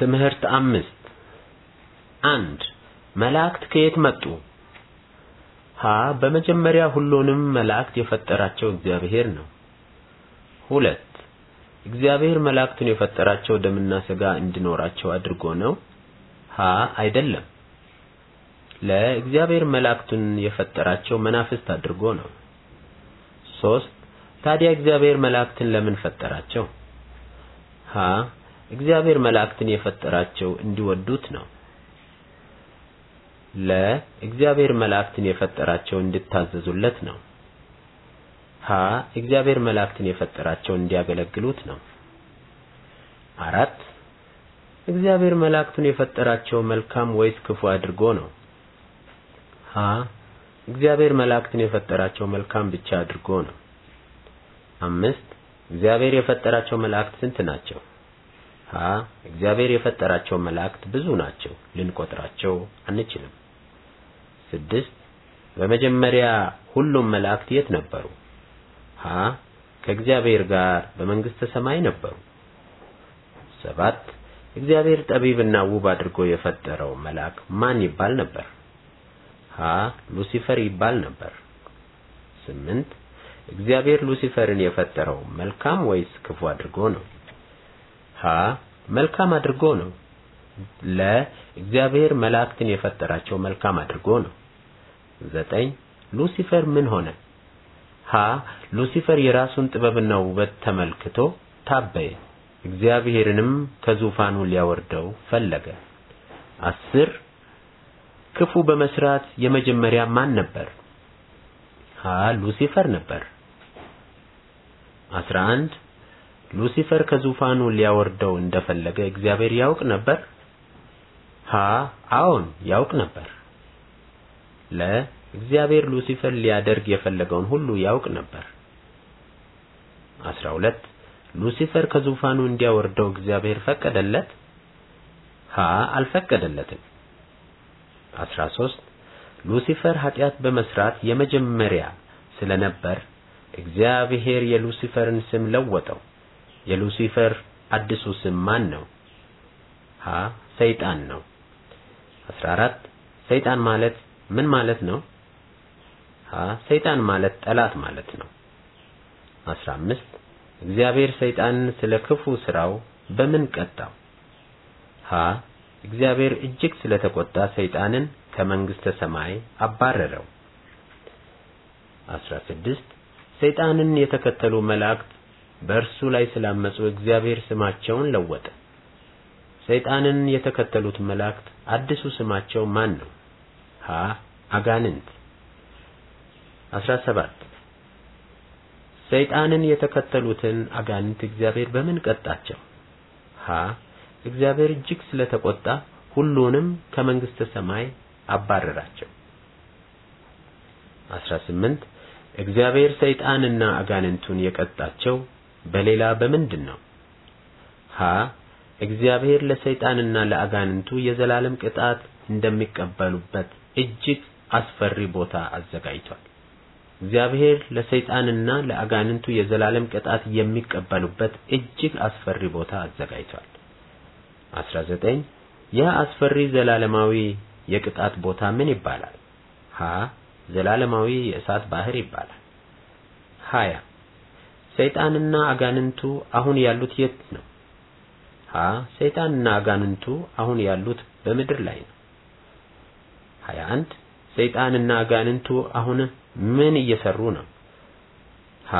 ትምህርት አምስት አንድ መላእክት ከየት መጡ? ሀ በመጀመሪያ ሁሉንም መላእክት የፈጠራቸው እግዚአብሔር ነው። ሁለት እግዚአብሔር መላእክትን የፈጠራቸው ደምና ስጋ እንዲኖራቸው አድርጎ ነው? ሀ አይደለም። ለእግዚአብሔር መላእክቱን የፈጠራቸው መናፍስት አድርጎ ነው። ሶስት ታዲያ እግዚአብሔር መላእክትን ለምን ፈጠራቸው? ሀ እግዚአብሔር መላእክትን የፈጠራቸው እንዲወዱት ነው። ለ እግዚአብሔር መላእክትን የፈጠራቸው እንድታዘዙለት ነው። ሀ እግዚአብሔር መላእክትን የፈጠራቸው እንዲያገለግሉት ነው። አራት እግዚአብሔር መላእክቱን የፈጠራቸው መልካም ወይስ ክፉ አድርጎ ነው? ሀ እግዚአብሔር መላእክትን የፈጠራቸው መልካም ብቻ አድርጎ ነው። አምስት እግዚአብሔር የፈጠራቸው መላእክት ስንት ናቸው? ሀ እግዚአብሔር የፈጠራቸው መላእክት ብዙ ናቸው፣ ልንቆጥራቸው አንችልም። ስድስት በመጀመሪያ ሁሉም መላእክት የት ነበሩ? ሀ ከእግዚአብሔር ጋር በመንግሥተ ሰማይ ነበሩ። ሰባት እግዚአብሔር ጠቢብና ውብ አድርጎ የፈጠረው መልአክ ማን ይባል ነበር? ሀ ሉሲፈር ይባል ነበር። ስምንት እግዚአብሔር ሉሲፈርን የፈጠረው መልካም ወይስ ክፉ አድርጎ ነው? ሀ መልካም አድርጎ ነው። ለ እግዚአብሔር መላእክትን የፈጠራቸው መልካም አድርጎ ነው። ዘጠኝ ሉሲፈር ምን ሆነ? ሀ ሉሲፈር የራሱን ጥበብና ውበት ተመልክቶ ታበየ፣ እግዚአብሔርንም ከዙፋኑ ሊያወርደው ፈለገ። አስር ክፉ በመስራት የመጀመሪያ ማን ነበር? ሀ ሉሲፈር ነበር። አስራ አንድ ሉሲፈር ከዙፋኑ ሊያወርደው እንደፈለገ እግዚአብሔር ያውቅ ነበር? ሀ አዎን ያውቅ ነበር። ለ እግዚአብሔር ሉሲፈር ሊያደርግ የፈለገውን ሁሉ ያውቅ ነበር። 12 ሉሲፈር ከዙፋኑ እንዲያወርደው እግዚአብሔር ፈቀደለት? ሀ አልፈቀደለትም። 13 ሉሲፈር ኃጢአት በመስራት የመጀመሪያ ስለነበር እግዚአብሔር የሉሲፈርን ስም ለወጠው። የሉሲፈር አዲሱ ስም ማን ነው? ሀ ሰይጣን ነው። 14 ሰይጣን ማለት ምን ማለት ነው? ሀ ሰይጣን ማለት ጠላት ማለት ነው። 15 እግዚአብሔር ሰይጣን ስለ ክፉ ስራው በምን ቀጣው? ሀ እግዚአብሔር እጅግ ስለተቆጣ ሰይጣንን ከመንግስተ ሰማይ አባረረው። 16 ሰይጣንን የተከተሉ መላእክት በእርሱ ላይ ስላመፁ እግዚአብሔር ስማቸውን ለወጠ። ሰይጣንን የተከተሉት መላእክት አዲሱ ስማቸው ማን ነው? ሀ አጋንንት። 17 ሰይጣንን የተከተሉትን አጋንንት እግዚአብሔር በምን ቀጣቸው? ሀ እግዚአብሔር እጅግ ስለተቆጣ ሁሉንም ከመንግስተ ሰማይ አባረራቸው። 18 እግዚአብሔር ሰይጣንና አጋንንቱን የቀጣቸው በሌላ በምንድን ነው? ሀ እግዚአብሔር ለሰይጣንና ለአጋንንቱ የዘላለም ቅጣት እንደሚቀበሉበት እጅግ አስፈሪ ቦታ አዘጋጅቷል። እግዚአብሔር ለሰይጣንና ለአጋንንቱ የዘላለም ቅጣት የሚቀበሉበት እጅግ አስፈሪ ቦታ አዘጋጅቷል። 19 ያ አስፈሪ ዘላለማዊ የቅጣት ቦታ ምን ይባላል? ሀ ዘላለማዊ የእሳት ባህር ይባላል። 20 ሰይጣንና አጋንንቱ አሁን ያሉት የት ነው? ሀ ሰይጣንና አጋንንቱ አሁን ያሉት በምድር ላይ ነው። 21 ሰይጣንና አጋንንቱ አሁን ምን እየሰሩ ነው? ሀ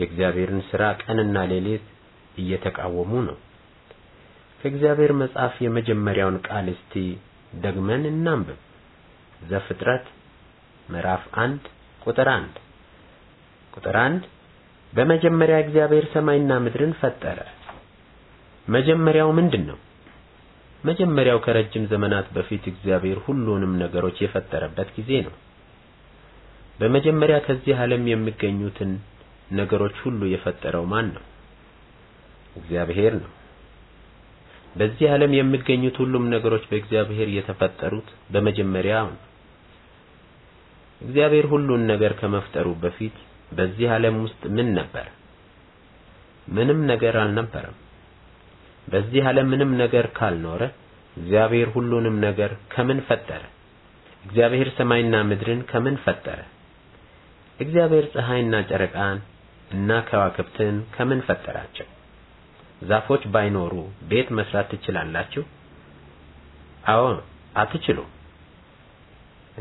የእግዚአብሔርን ሥራ ቀንና ሌሊት እየተቃወሙ ነው። ከእግዚአብሔር መጽሐፍ የመጀመሪያውን ቃል እስቲ ደግመን እናንብብ። ዘፍጥረት ምዕራፍ 1 ቁጥር 1 ቁጥር 1 በመጀመሪያ እግዚአብሔር ሰማይና ምድርን ፈጠረ። መጀመሪያው ምንድን ነው? መጀመሪያው ከረጅም ዘመናት በፊት እግዚአብሔር ሁሉንም ነገሮች የፈጠረበት ጊዜ ነው። በመጀመሪያ ከዚህ ዓለም የሚገኙትን ነገሮች ሁሉ የፈጠረው ማን ነው? እግዚአብሔር ነው። በዚህ ዓለም የሚገኙት ሁሉም ነገሮች በእግዚአብሔር የተፈጠሩት በመጀመሪያው ነው። እግዚአብሔር ሁሉን ነገር ከመፍጠሩ በፊት በዚህ ዓለም ውስጥ ምን ነበር? ምንም ነገር አልነበረም። በዚህ ዓለም ምንም ነገር ካልኖረ እግዚአብሔር ሁሉንም ነገር ከምን ፈጠረ? እግዚአብሔር ሰማይና ምድርን ከምን ፈጠረ? እግዚአብሔር ፀሐይና ጨረቃን እና ከዋክብትን ከምን ፈጠራቸው? ዛፎች ባይኖሩ ቤት መስራት ትችላላችሁ? አዎ፣ አትችሉ።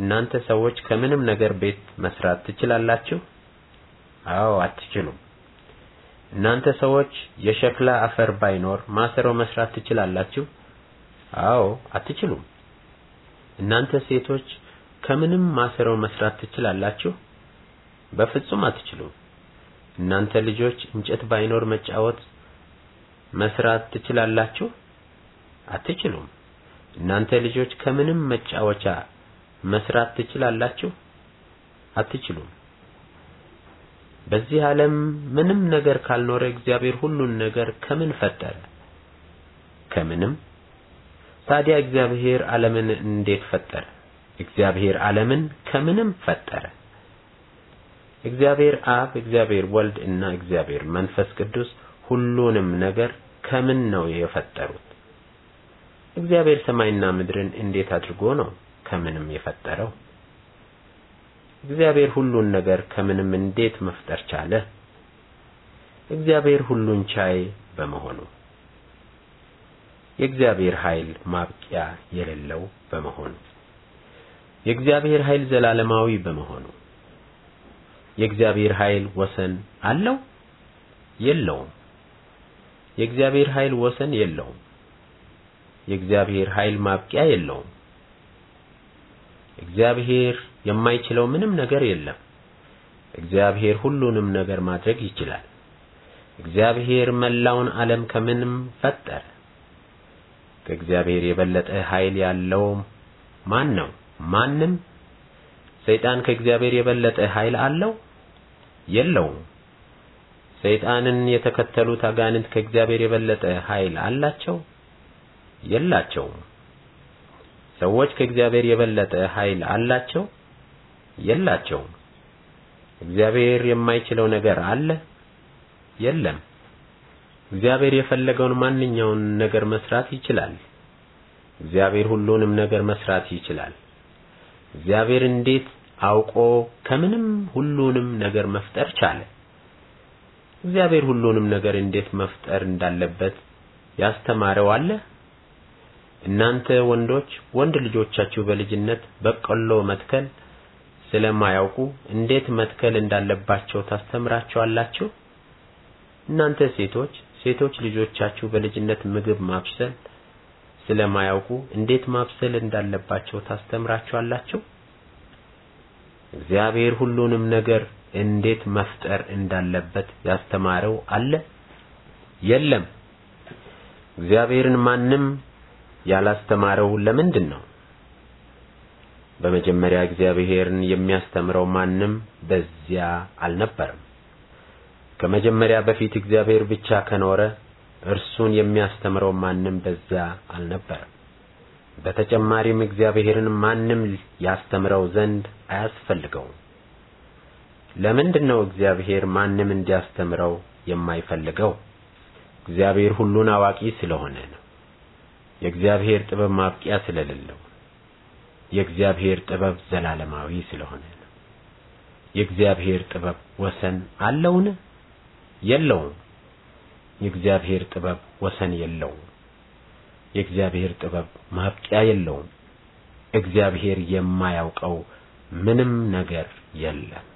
እናንተ ሰዎች ከምንም ነገር ቤት መስራት ትችላላችሁ? አዎ አትችሉም። እናንተ ሰዎች የሸክላ አፈር ባይኖር ማሰሮ መስራት ትችላላችሁ? አዎ አትችሉም። እናንተ ሴቶች ከምንም ማሰሮ መስራት ትችላላችሁ? በፍጹም አትችሉም። እናንተ ልጆች እንጨት ባይኖር መጫወት መስራት ትችላላችሁ? አትችሉም። እናንተ ልጆች ከምንም መጫወቻ መስራት ትችላላችሁ? አትችሉም። በዚህ ዓለም ምንም ነገር ካልኖረ እግዚአብሔር ሁሉን ነገር ከምን ፈጠረ? ከምንም። ታዲያ እግዚአብሔር ዓለምን እንዴት ፈጠረ? እግዚአብሔር ዓለምን ከምንም ፈጠረ። እግዚአብሔር አብ፣ እግዚአብሔር ወልድ እና እግዚአብሔር መንፈስ ቅዱስ ሁሉንም ነገር ከምን ነው የፈጠሩት? እግዚአብሔር ሰማይና ምድርን እንዴት አድርጎ ነው ከምንም የፈጠረው? እግዚአብሔር ሁሉን ነገር ከምንም እንዴት መፍጠር ቻለ? እግዚአብሔር ሁሉን ቻይ በመሆኑ የእግዚአብሔር ኃይል ማብቂያ የሌለው በመሆኑ የእግዚአብሔር ኃይል ዘላለማዊ በመሆኑ የእግዚአብሔር ኃይል ወሰን አለው? የለውም። የእግዚአብሔር ኃይል ወሰን የለውም። የእግዚአብሔር ኃይል ማብቂያ የለውም። እግዚአብሔር የማይችለው ምንም ነገር የለም። እግዚአብሔር ሁሉንም ነገር ማድረግ ይችላል። እግዚአብሔር መላውን ዓለም ከምንም ፈጠረ። ከእግዚአብሔር የበለጠ ኃይል ያለው ማን ነው? ማንም። ሰይጣን ከእግዚአብሔር የበለጠ ኃይል አለው? የለውም። ሰይጣንን የተከተሉት አጋንንት ከእግዚአብሔር የበለጠ ኃይል አላቸው? የላቸውም። ሰዎች ከእግዚአብሔር የበለጠ ኃይል አላቸው? የላቸውም። እግዚአብሔር የማይችለው ነገር አለ? የለም። እግዚአብሔር የፈለገውን ማንኛውን ነገር መስራት ይችላል። እግዚአብሔር ሁሉንም ነገር መስራት ይችላል። እግዚአብሔር እንዴት አውቆ ከምንም ሁሉንም ነገር መፍጠር ቻለ? እግዚአብሔር ሁሉንም ነገር እንዴት መፍጠር እንዳለበት ያስተማረው አለ? እናንተ ወንዶች ወንድ ልጆቻችሁ በልጅነት በቆሎ መትከል ስለማያውቁ እንዴት መትከል እንዳለባቸው ታስተምራቸዋላችሁ? እናንተ ሴቶች ሴቶች ልጆቻችሁ በልጅነት ምግብ ማብሰል ስለማያውቁ እንዴት ማብሰል እንዳለባቸው ታስተምራቸዋላችሁ? እግዚአብሔር ሁሉንም ነገር እንዴት መፍጠር እንዳለበት ያስተማረው አለ? የለም። እግዚአብሔርን ማንም ያላስተማረው ለምንድን ነው? በመጀመሪያ እግዚአብሔርን የሚያስተምረው ማንም በዚያ አልነበረም። ከመጀመሪያ በፊት እግዚአብሔር ብቻ ከኖረ እርሱን የሚያስተምረው ማንም በዚያ አልነበረም። በተጨማሪም እግዚአብሔርን ማንም ያስተምረው ዘንድ አያስፈልገውም። ለምንድን ነው እግዚአብሔር ማንም እንዲያስተምረው የማይፈልገው? እግዚአብሔር ሁሉን አዋቂ ስለሆነ ነው። የእግዚአብሔር ጥበብ ማብቂያ ስለሌለው የእግዚአብሔር ጥበብ ዘላለማዊ ስለሆነ ነው። የእግዚአብሔር ጥበብ ወሰን አለውን? የለውም። የእግዚአብሔር ጥበብ ወሰን የለውም። የእግዚአብሔር ጥበብ ማብቂያ የለውም። እግዚአብሔር የማያውቀው ምንም ነገር የለም።